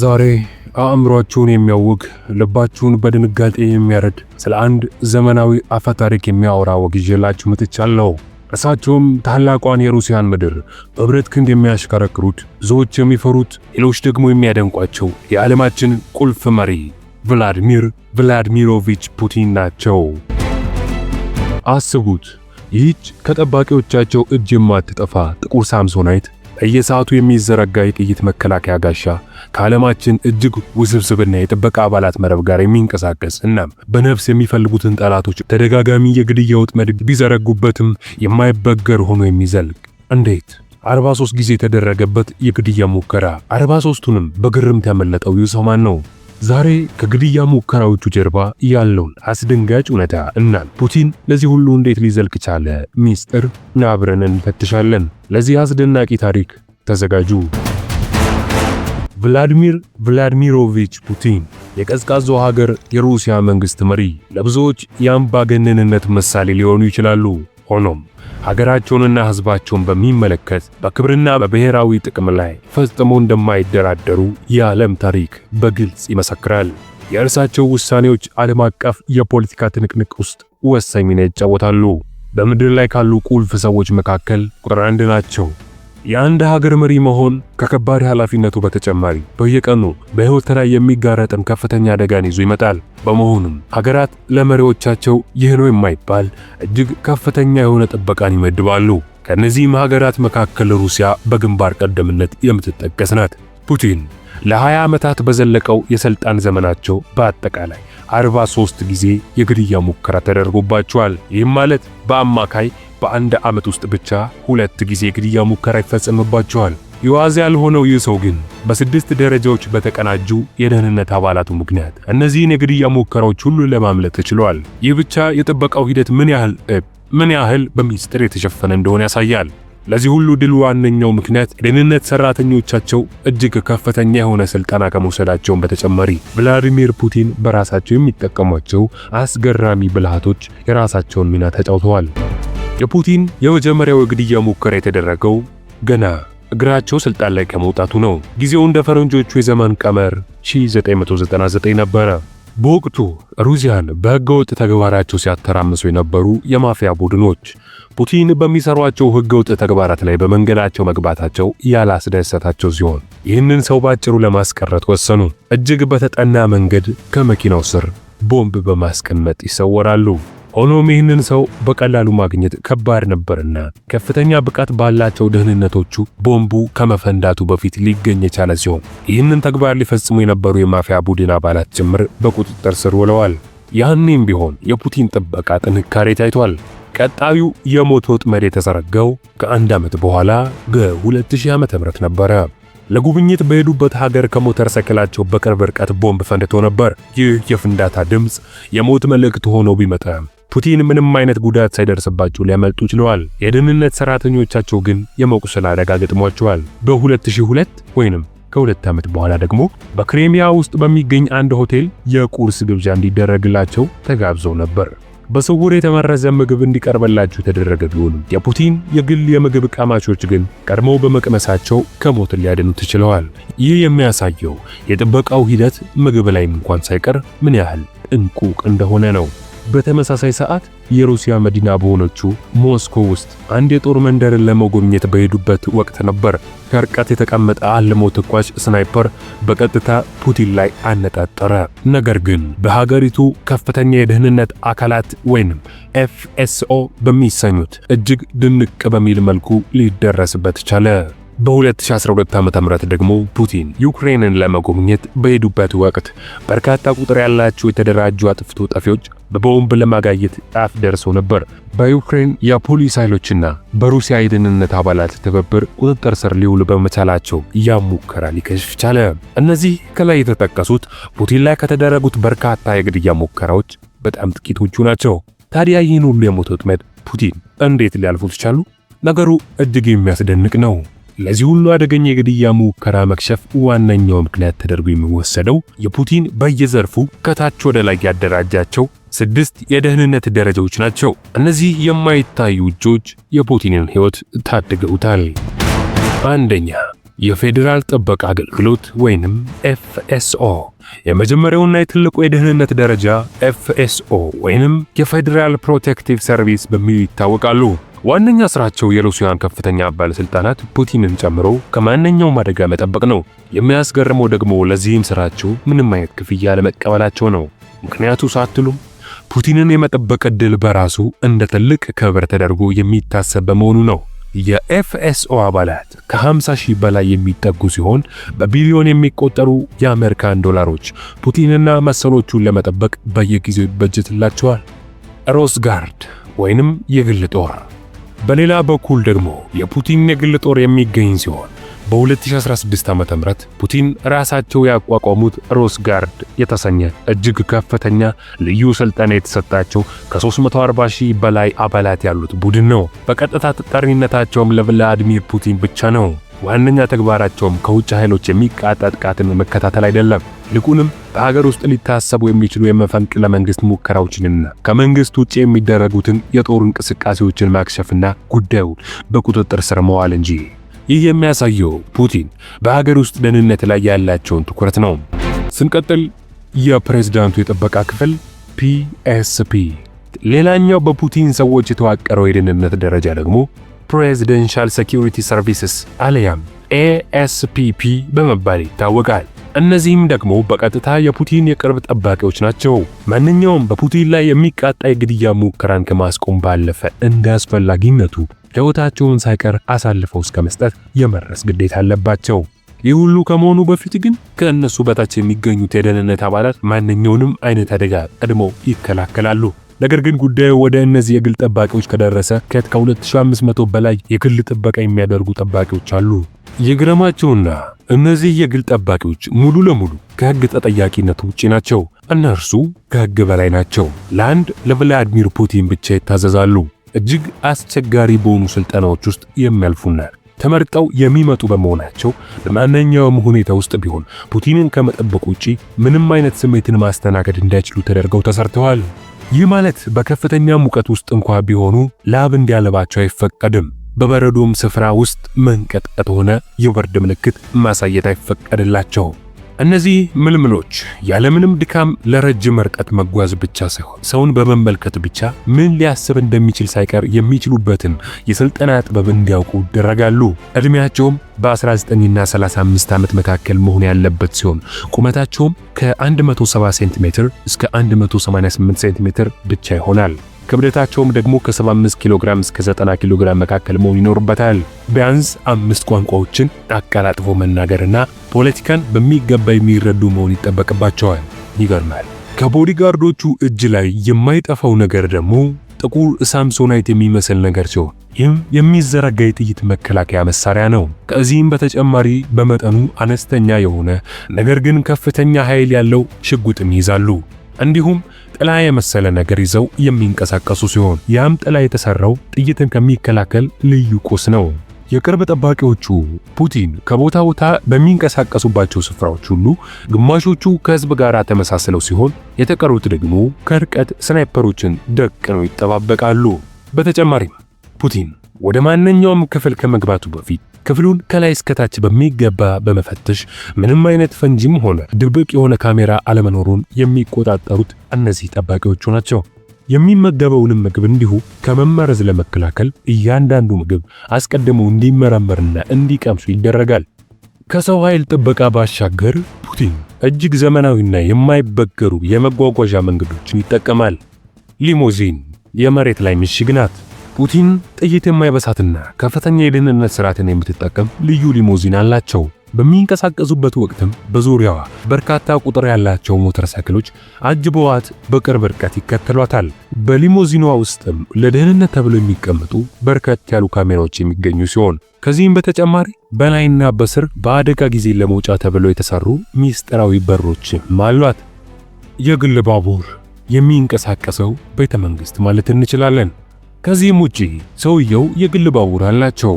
ዛሬ አእምሯችሁን የሚያውቅ ልባችሁን በድንጋጤ የሚያረድ ስለ አንድ ዘመናዊ አፈታሪክ ታሪክ የሚያወራ ወግ ይዤላችሁ መጥቻለሁ። እርሳቸውም ታላቋን የሩሲያን ምድር በብረት ክንድ የሚያሽከረክሩት ብዙዎች የሚፈሩት ሌሎች ደግሞ የሚያደንቋቸው የዓለማችን ቁልፍ መሪ ቭላድሚር ቭላድሚሮቪች ፑቲን ናቸው። አስቡት፣ ይህች ከጠባቂዎቻቸው እጅ የማትጠፋ ጥቁር ሳምሶናይት በየሰዓቱ የሚዘረጋ የጥይት መከላከያ ጋሻ ከዓለማችን እጅግ ውስብስብና የጥበቃ አባላት መረብ ጋር የሚንቀሳቀስ እናም በነፍስ የሚፈልጉትን ጠላቶች ተደጋጋሚ የግድያ ወጥመድ ቢዘረጉበትም የማይበገር ሆኖ የሚዘልቅ እንዴት 43 ጊዜ የተደረገበት የግድያ ሙከራ 43ቱንም በግርምት ያመለጠው ይህ ሰው ማን ነው? ዛሬ ከግድያ ሙከራዎቹ ጀርባ ያለውን አስደንጋጭ እውነታ እናል ፑቲን ለዚህ ሁሉ እንዴት ሊዘልቅ ቻለ ሚስጥር አብረን እንፈትሻለን። ለዚህ አስደናቂ ታሪክ ተዘጋጁ። ቭላዲሚር ቭላድሚሮቪች ፑቲን የቀዝቃዛው ሀገር የሩሲያ መንግሥት መሪ፣ ለብዙዎች የአምባገነንነት ምሳሌ ሊሆኑ ይችላሉ። ሆኖም ሀገራቸውንና ሕዝባቸውን በሚመለከት በክብርና በብሔራዊ ጥቅም ላይ ፈጽሞ እንደማይደራደሩ የዓለም ታሪክ በግልጽ ይመሰክራል። የእርሳቸው ውሳኔዎች ዓለም አቀፍ የፖለቲካ ትንቅንቅ ውስጥ ወሳኝ ሚና ይጫወታሉ። በምድር ላይ ካሉ ቁልፍ ሰዎች መካከል ቁጥር አንድ ናቸው። የአንድ ሀገር መሪ መሆን ከከባድ ኃላፊነቱ በተጨማሪ በየቀኑ በሕይወት ላይ የሚጋረጥን ከፍተኛ አደጋን ይዞ ይመጣል። በመሆኑም ሀገራት ለመሪዎቻቸው ይህ ነው የማይባል እጅግ ከፍተኛ የሆነ ጥበቃን ይመድባሉ። ከእነዚህም ሀገራት መካከል ሩሲያ በግንባር ቀደምነት የምትጠቀስ ናት። ፑቲን ለ20 ዓመታት በዘለቀው የሥልጣን ዘመናቸው በአጠቃላይ 43 ጊዜ የግድያ ሙከራ ተደርጎባቸዋል። ይህም ማለት በአማካይ በአንድ ዓመት ውስጥ ብቻ ሁለት ጊዜ ግድያ ሙከራ ይፈጸምባቸዋል። የዋዛ ያልሆነው ይህ ሰው ግን በስድስት ደረጃዎች በተቀናጁ የደህንነት አባላቱ ምክንያት እነዚህን የግድያ ሙከራዎች ሁሉ ለማምለጥ ችሏል። ይህ ብቻ የጥበቃው ሂደት ምን ያህል ምን ያህል በሚስጥር የተሸፈነ እንደሆነ ያሳያል። ለዚህ ሁሉ ድል ዋነኛው ምክንያት የደህንነት ሰራተኞቻቸው እጅግ ከፍተኛ የሆነ ስልጠና ከመውሰዳቸውን በተጨማሪ ቭላዲሚር ፑቲን በራሳቸው የሚጠቀሟቸው አስገራሚ ብልሃቶች የራሳቸውን ሚና ተጫውተዋል። የፑቲን የመጀመሪያው የግድያ ሙከራ የተደረገው ገና እግራቸው ስልጣን ላይ ከመውጣቱ ነው። ጊዜው እንደ ፈረንጆቹ የዘመን ቀመር 1999 ነበረ። በወቅቱ ሩሲያን በህገወጥ ተግባራቸው ሲያተራምሱ የነበሩ የማፊያ ቡድኖች ፑቲን በሚሰሯቸው ህገወጥ ተግባራት ላይ በመንገዳቸው መግባታቸው ያላስደሰታቸው ሲሆን ይህንን ሰው ባጭሩ ለማስቀረት ወሰኑ። እጅግ በተጠና መንገድ ከመኪናው ስር ቦምብ በማስቀመጥ ይሰወራሉ። ሆኖም ይህንን ሰው በቀላሉ ማግኘት ከባድ ነበርና ከፍተኛ ብቃት ባላቸው ደህንነቶቹ ቦምቡ ከመፈንዳቱ በፊት ሊገኝ የቻለ ሲሆን ይህንን ተግባር ሊፈጽሙ የነበሩ የማፊያ ቡድን አባላት ጭምር በቁጥጥር ስር ውለዋል። ያኔም ቢሆን የፑቲን ጥበቃ ጥንካሬ ታይቷል። ቀጣዩ የሞት ወጥመድ የተዘረጋው ከአንድ ዓመት በኋላ በ2000 ዓ.ም ነበረ። ለጉብኝት በሄዱበት ሀገር ከሞተር ሳይክላቸው በቅርብ ርቀት ቦምብ ፈንድቶ ነበር። ይህ የፍንዳታ ድምፅ የሞት መልእክት ሆኖ ቢመጣም ፑቲን ምንም አይነት ጉዳት ሳይደርስባቸው ሊያመልጡ ችለዋል። የደህንነት ሰራተኞቻቸው ግን የመቁሰል አደጋ ገጥሟቸዋል። በ2002 ወይንም ከሁለት ዓመት በኋላ ደግሞ በክሬሚያ ውስጥ በሚገኝ አንድ ሆቴል የቁርስ ግብዣ እንዲደረግላቸው ተጋብዘው ነበር። በስውር የተመረዘ ምግብ እንዲቀርበላቸው የተደረገ ቢሆንም የፑቲን የግል የምግብ ቀማሾች ግን ቀድመው በመቅመሳቸው ከሞት ሊያድኑት ችለዋል። ይህ የሚያሳየው የጥበቃው ሂደት ምግብ ላይም እንኳን ሳይቀር ምን ያህል እንቁቅ እንደሆነ ነው። በተመሳሳይ ሰዓት የሩሲያ መዲና በሆነችው ሞስኮ ውስጥ አንድ የጦር መንደርን ለመጎብኘት በሄዱበት ወቅት ነበር ከርቀት የተቀመጠ አልሞ ተኳሽ ስናይፐር በቀጥታ ፑቲን ላይ አነጣጠረ። ነገር ግን በሀገሪቱ ከፍተኛ የደህንነት አካላት ወይንም ኤፍኤስኦ በሚሰኙት እጅግ ድንቅ በሚል መልኩ ሊደረስበት ቻለ። በ2012 ዓ.ም ደግሞ ፑቲን ዩክሬንን ለመጎብኘት በሄዱበት ወቅት በርካታ ቁጥር ያላቸው የተደራጁ አጥፍቶ ጠፊዎች በቦምብ ለማጋየት ጫፍ ደርሶ ነበር። በዩክሬን የፖሊስ ኃይሎችና በሩሲያ የደህንነት አባላት ትብብር ቁጥጥር ስር ሊውል በመቻላቸው ያ ሙከራ ሊከሽፍ ቻለ። እነዚህ ከላይ የተጠቀሱት ፑቲን ላይ ከተደረጉት በርካታ የግድያ ሙከራዎች በጣም ጥቂቶቹ ናቸው። ታዲያ ይህን ሁሉ የሞት ወጥመድ ፑቲን እንዴት ሊያልፉት ቻሉ? ነገሩ እጅግ የሚያስደንቅ ነው። ለዚህ ሁሉ አደገኛ የግድያ ሙከራ መክሸፍ ዋነኛው ምክንያት ተደርጎ የሚወሰደው የፑቲን በየዘርፉ ከታች ወደ ላይ ያደራጃቸው ስድስት የደህንነት ደረጃዎች ናቸው። እነዚህ የማይታዩ እጆች የፑቲንን ሕይወት ታድገውታል። አንደኛ የፌዴራል ጥበቃ አገልግሎት ወይንም ኤፍኤስኦ የመጀመሪያውና የትልቁ የደህንነት ደረጃ ኤፍኤስኦ ወይንም የፌዴራል ፕሮቴክቲቭ ሰርቪስ በሚል ይታወቃሉ። ዋነኛ ስራቸው የሩሲያን ከፍተኛ ባለስልጣናት ፑቲንን ጨምሮ ከማንኛውም አደጋ መጠበቅ ነው። የሚያስገርመው ደግሞ ለዚህም ስራቸው ምንም አይነት ክፍያ ለመቀበላቸው ነው። ምክንያቱ ሳትሉም ፑቲንን የመጠበቅ ዕድል በራሱ እንደ ትልቅ ክብር ተደርጎ የሚታሰብ በመሆኑ ነው። የኤፍኤስኦ አባላት ከ50 ሺህ በላይ የሚጠጉ ሲሆን በቢሊዮን የሚቆጠሩ የአሜሪካን ዶላሮች ፑቲንና መሰሎቹን ለመጠበቅ በየጊዜው ይበጀትላቸዋል። ሮስ ጋርድ ወይንም የግል ጦር። በሌላ በኩል ደግሞ የፑቲን የግል ጦር የሚገኝ ሲሆን በ2016 ዓ ም ፑቲን ራሳቸው ያቋቋሙት ሮስ ጋርድ የተሰኘ እጅግ ከፍተኛ ልዩ ስልጠና የተሰጣቸው ከ340 ሺህ በላይ አባላት ያሉት ቡድን ነው። በቀጥታ ተጠሪነታቸውም ለቭላድሚር ፑቲን ብቻ ነው። ዋነኛ ተግባራቸውም ከውጭ ኃይሎች የሚቃጣ ጥቃትን መከታተል አይደለም። ይልቁንም በሀገር ውስጥ ሊታሰቡ የሚችሉ የመፈንቅለ መንግስት ሙከራዎችንና ከመንግስት ውጭ የሚደረጉትን የጦር እንቅስቃሴዎችን ማክሸፍና ጉዳዩን በቁጥጥር ስር መዋል እንጂ ይህ የሚያሳየው ፑቲን በሀገር ውስጥ ደህንነት ላይ ያላቸውን ትኩረት ነው። ስንቀጥል የፕሬዝዳንቱ የጥበቃ ክፍል ፒኤስፒ፣ ሌላኛው በፑቲን ሰዎች የተዋቀረው የደህንነት ደረጃ ደግሞ ፕሬዚደንሻል ሴኪሪቲ ሰርቪስስ አለያም ኤኤስፒፒ በመባል ይታወቃል። እነዚህም ደግሞ በቀጥታ የፑቲን የቅርብ ጠባቂዎች ናቸው። ማንኛውም በፑቲን ላይ የሚቃጣ የግድያ ሙከራን ከማስቆም ባለፈ እንደ አስፈላጊነቱ ሕይወታቸውን ሳይቀር አሳልፈው እስከ መስጠት የመድረስ ግዴታ አለባቸው። ይህ ሁሉ ከመሆኑ በፊት ግን ከእነሱ በታች የሚገኙት የደህንነት አባላት ማንኛውንም አይነት አደጋ ቀድሞ ይከላከላሉ። ነገር ግን ጉዳዩ ወደ እነዚህ የግል ጠባቂዎች ከደረሰ ከት ከ2500 በላይ የግል ጥበቃ የሚያደርጉ ጠባቂዎች አሉ። ይግረማቸውና እነዚህ የግል ጠባቂዎች ሙሉ ለሙሉ ከህግ ተጠያቂነት ውጪ ናቸው። እነርሱ ከህግ በላይ ናቸው። ለአንድ ለቭላድሚር ፑቲን ብቻ ይታዘዛሉ። እጅግ አስቸጋሪ በሆኑ ስልጠናዎች ውስጥ የሚያልፉና ተመርጠው የሚመጡ በመሆናቸው በማንኛውም ሁኔታ ውስጥ ቢሆን ፑቲንን ከመጠበቅ ውጪ ምንም አይነት ስሜትን ማስተናገድ እንዳይችሉ ተደርገው ተሰርተዋል። ይህ ማለት በከፍተኛ ሙቀት ውስጥ እንኳ ቢሆኑ ላብ እንዲያለባቸው አይፈቀድም። በበረዶም ስፍራ ውስጥ መንቀጥቀጥ ሆነ የብርድ ምልክት ማሳየት አይፈቀድላቸውም። እነዚህ ምልምሎች ያለምንም ድካም ለረጅም ርቀት መጓዝ ብቻ ሳይሆን ሰውን በመመልከት ብቻ ምን ሊያስብ እንደሚችል ሳይቀር የሚችሉበትን የስልጠና ጥበብ እንዲያውቁ ይደረጋሉ። እድሜያቸውም በ19ና 35 ዓመት መካከል መሆን ያለበት ሲሆን ቁመታቸውም ከ170 ሴንቲሜትር እስከ 188 ሴንቲሜትር ብቻ ይሆናል። ክብደታቸውም ደግሞ ከ75 ኪሎ ግራም እስከ 90 ኪሎ ግራም መካከል መሆን ይኖርበታል። ቢያንስ አምስት ቋንቋዎችን አቀላጥፎ መናገርና ፖለቲካን በሚገባ የሚረዱ መሆን ይጠበቅባቸዋል። ይገርማል። ከቦዲጋርዶቹ እጅ ላይ የማይጠፋው ነገር ደግሞ ጥቁር ሳምሶናይት የሚመስል ነገር ሲሆን ይህም የሚዘረጋ የጥይት መከላከያ መሳሪያ ነው። ከዚህም በተጨማሪ በመጠኑ አነስተኛ የሆነ ነገር ግን ከፍተኛ ኃይል ያለው ሽጉጥም ይይዛሉ። እንዲሁም ጥላ የመሰለ ነገር ይዘው የሚንቀሳቀሱ ሲሆን ያም ጥላ የተሰራው ጥይትን ከሚከላከል ልዩ ቁስ ነው። የቅርብ ጠባቂዎቹ ፑቲን ከቦታ ቦታ በሚንቀሳቀሱባቸው ስፍራዎች ሁሉ ግማሾቹ ከህዝብ ጋር ተመሳስለው ሲሆን፣ የተቀሩት ደግሞ ከርቀት ስናይፐሮችን ደቅ ነው ይጠባበቃሉ። በተጨማሪም ፑቲን ወደ ማንኛውም ክፍል ከመግባቱ በፊት ክፍሉን ከላይ እስከታች በሚገባ በመፈተሽ ምንም አይነት ፈንጂም ሆነ ድብቅ የሆነ ካሜራ አለመኖሩን የሚቆጣጠሩት እነዚህ ጠባቂዎቹ ናቸው። የሚመገበውንም ምግብ እንዲሁ ከመመረዝ ለመከላከል እያንዳንዱ ምግብ አስቀድሞ እንዲመረመርና እንዲቀምሱ ይደረጋል። ከሰው ኃይል ጥበቃ ባሻገር ፑቲን እጅግ ዘመናዊና የማይበገሩ የመጓጓዣ መንገዶችን ይጠቀማል። ሊሞዚን የመሬት ላይ ምሽግ ናት። ፑቲን ጥይት የማይበሳትና ከፍተኛ የደህንነት ስርዓትን የምትጠቀም ልዩ ሊሞዚን አላቸው። በሚንቀሳቀሱበት ወቅትም በዙሪያዋ በርካታ ቁጥር ያላቸው ሞተር ሳይክሎች አጅበዋት በቅርብ ርቀት ይከተሏታል። በሊሞዚኗ ውስጥም ለደህንነት ተብለው የሚቀመጡ በርከት ያሉ ካሜራዎች የሚገኙ ሲሆን ከዚህም በተጨማሪ በላይና በስር በአደጋ ጊዜ ለመውጫ ተብለው የተሰሩ ሚስጥራዊ በሮችም አሏት። የግል ባቡር የሚንቀሳቀሰው ቤተ መንግስት ማለት እንችላለን። ከዚህም ውጪ ሰውየው የግል ባቡር አላቸው።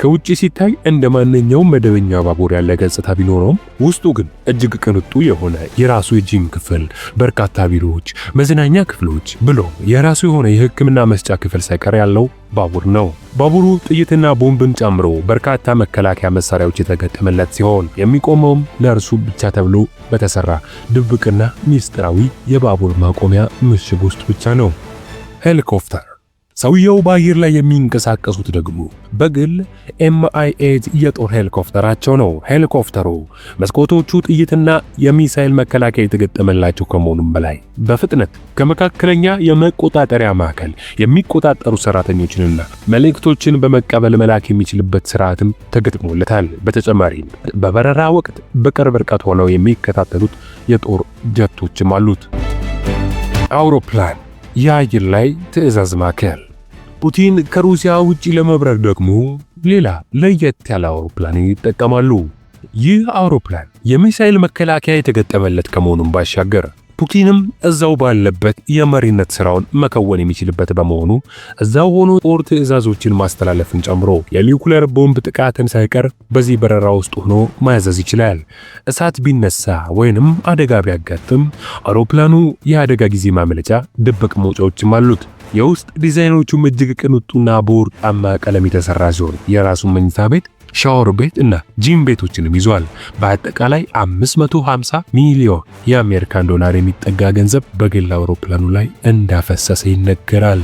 ከውጪ ሲታይ እንደ ማንኛውም መደበኛ ባቡር ያለ ገጽታ ቢኖረውም ውስጡ ግን እጅግ ቅንጡ የሆነ የራሱ የጂም ክፍል፣ በርካታ ቢሮዎች፣ መዝናኛ ክፍሎች ብሎ የራሱ የሆነ የሕክምና መስጫ ክፍል ሳይቀር ያለው ባቡር ነው። ባቡሩ ጥይትና ቦምብን ጨምሮ በርካታ መከላከያ መሳሪያዎች የተገጠመለት ሲሆን የሚቆመውም ለእርሱ ብቻ ተብሎ በተሰራ ድብቅና ሚስጥራዊ የባቡር ማቆሚያ ምሽግ ውስጥ ብቻ ነው። ሄሊኮፕተር ሰውየው በአየር ላይ የሚንቀሳቀሱት ደግሞ በግል ኤምአይ የጦር ሄሊኮፕተራቸው ነው። ሄሊኮፕተሩ መስኮቶቹ ጥይትና የሚሳኤል መከላከያ የተገጠመላቸው ከመሆኑም በላይ በፍጥነት ከመካከለኛ የመቆጣጠሪያ ማዕከል የሚቆጣጠሩ ሰራተኞችንና መልእክቶችን በመቀበል መላክ የሚችልበት ስርዓትም ተገጥሞለታል። በተጨማሪም በበረራ ወቅት በቅርብ ርቀት ሆነው የሚከታተሉት የጦር ጀቶችም አሉት። አውሮፕላን የአየር ላይ ትዕዛዝ ማዕከል። ፑቲን ከሩሲያ ውጪ ለመብረር ደግሞ ሌላ ለየት ያለ አውሮፕላን ይጠቀማሉ። ይህ አውሮፕላን የሚሳኤል መከላከያ የተገጠመለት ከመሆኑም ባሻገር ፑቲንም እዛው ባለበት የመሪነት ስራውን መከወን የሚችልበት በመሆኑ እዛው ሆኖ ጦር ትዕዛዞችን ማስተላለፍን ጨምሮ የኒውክሌር ቦምብ ጥቃትን ሳይቀር በዚህ በረራ ውስጥ ሆኖ ማያዘዝ ይችላል። እሳት ቢነሳ ወይንም አደጋ ቢያጋጥም አውሮፕላኑ የአደጋ ጊዜ ማምለጫ ድብቅ መውጫዎችም አሉት። የውስጥ ዲዛይኖቹም እጅግ ቅንጡና በወርቃማ ቀለም የተሰራ ሲሆን የራሱን መኝታ ቤት ሻወር ቤት እና ጂም ቤቶችንም ይዟል። በአጠቃላይ 550 ሚሊዮን የአሜሪካን ዶላር የሚጠጋ ገንዘብ በግል አውሮፕላኑ ላይ እንዳፈሰሰ ይነገራል።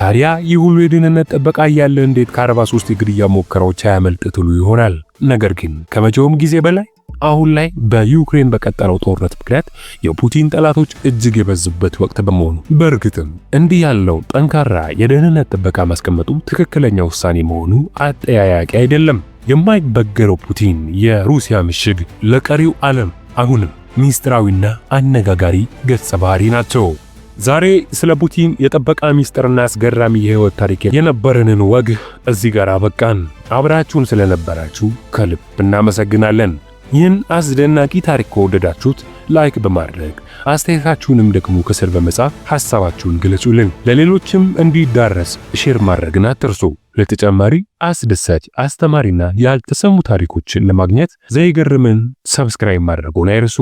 ታዲያ ይህ ሁሉ የደህንነት ጥበቃ እያለ እንዴት ከ43 የግድያ ሙከራዎች አያመልጥ ትሉ ይሆናል። ነገር ግን ከመቼውም ጊዜ በላይ አሁን ላይ በዩክሬን በቀጠለው ጦርነት ምክንያት የፑቲን ጠላቶች እጅግ የበዙበት ወቅት በመሆኑ በእርግጥም እንዲህ ያለው ጠንካራ የደህንነት ጥበቃ ማስቀመጡ ትክክለኛ ውሳኔ መሆኑ አጠያያቂ አይደለም። የማይበገረው ፑቲን የሩሲያ ምሽግ ለቀሪው ዓለም አሁንም ሚስጥራዊና አነጋጋሪ ገጸ ባህሪ ናቸው። ዛሬ ስለ ፑቲን የጥበቃ ሚስጥርና አስገራሚ የህይወት ታሪክ የነበረንን ወግ እዚህ ጋር አበቃን። አብራችሁን ስለነበራችሁ ከልብ እናመሰግናለን። ይህን አስደናቂ ታሪክ ከወደዳችሁት ላይክ በማድረግ አስተያየታችሁንም ደግሞ ከስር በመጻፍ ሐሳባችሁን ግለጹልን። ለሌሎችም እንዲዳረስ ሼር ማድረግን አትርሱ። ለተጨማሪ አስደሳች፣ አስተማሪና ያልተሰሙ ታሪኮችን ለማግኘት ዘይገርምን ሰብስክራይብ ማድረግዎን አይርሱ።